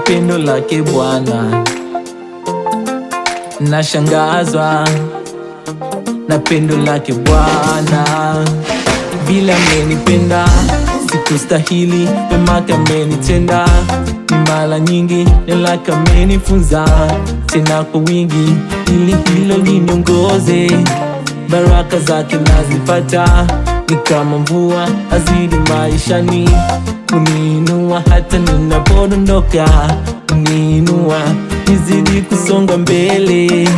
pendo lake Bwana, nashangazwa na pendo lake Bwana, vile amenipenda sikustahili, mema kamenitenda mara nyingi, nila kamenifunza tena kwa wingi, ili hilo liniongoze, baraka zake nazipata ni kama mvua azidi maishani, uniinua hata ninapodondoka, uniinua nizidi kusonga mbele.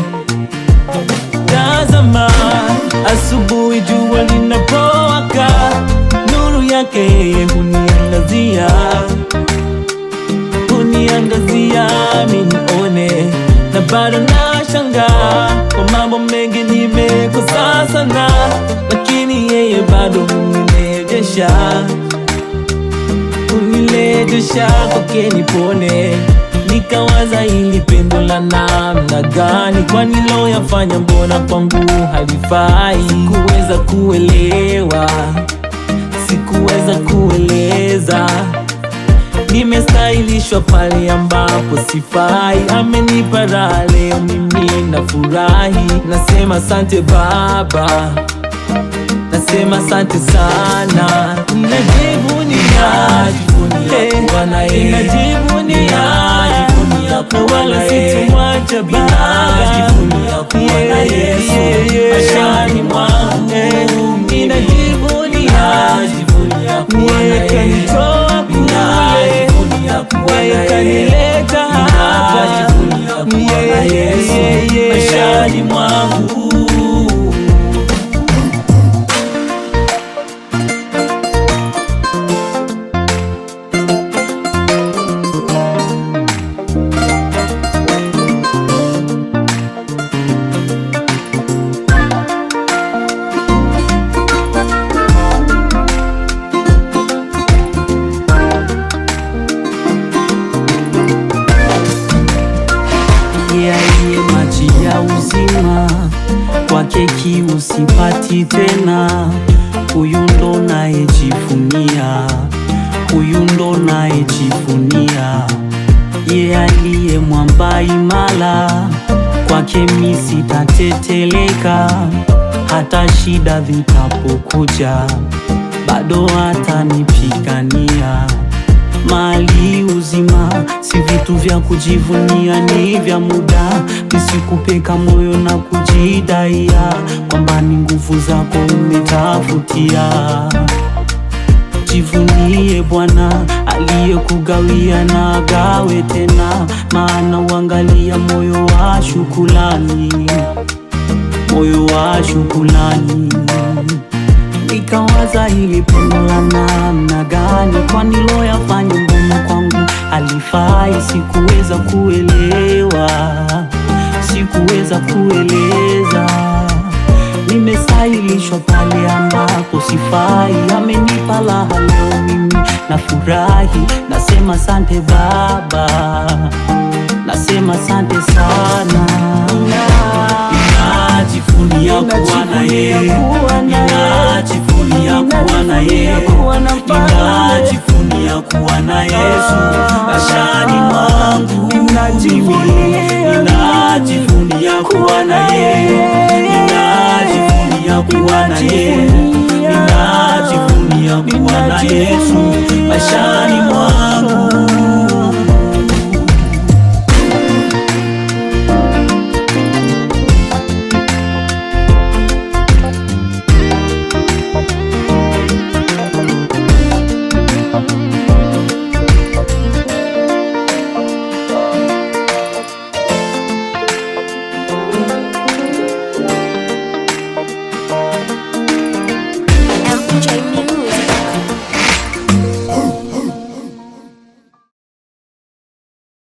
Tazama asubuhi jua linapowaka, nuru yake huniangazia, huniangazia mimi nione, na bado nashangaa kwa mambo mengi nimekosa sana yeye bado unirejesha, unirejesha kwake nipone. Nikawaza hili pendo la namna gani, kwani lo yafanya mbona kwangu halifai. Sikuweza kuelewa, sikuweza kueleza Nimestahilishwa pale ambapo sifai, amenipa raha leo, mimi na furahi, nasema sante Baba. Nasema asante sana, najibu ni wala situmwacha baba, maishani mwangu eh, najivunia haki usipati tena, huyu ndo nayejivunia, huyu ndo nayejivunia, ye aliye mwamba imara, kwake mimi sitateteleka, hata shida vitapokuja bado atanipigania mali uzima si vitu vya kujivunia, ni vya muda. Nisikupeka moyo na kujidaia kwamba ni nguvu zako umetafutia. Jivunie Bwana aliyekugawia na agawe tena, maana uangalia moyo wa shukulani moyo wa shukulani Nikawaza hili pendo la namna gani, kwani loyafanya mbona kwangu alifai. Sikuweza kuelewa, sikuweza kueleza. Nimesailishwa pale ambapo sifai, amenipa raha leo mimi na furahi. Nasema sante Baba, nasema sante sana. Najifunia kuwa naye kuwa na yeye, ninajivunia kuwa na Yesu maishani ah. mwangu, ninajivunia kuwa na yeye, ninajivunia kuwa na yeye, ninajivunia kuwa na Yesu maishani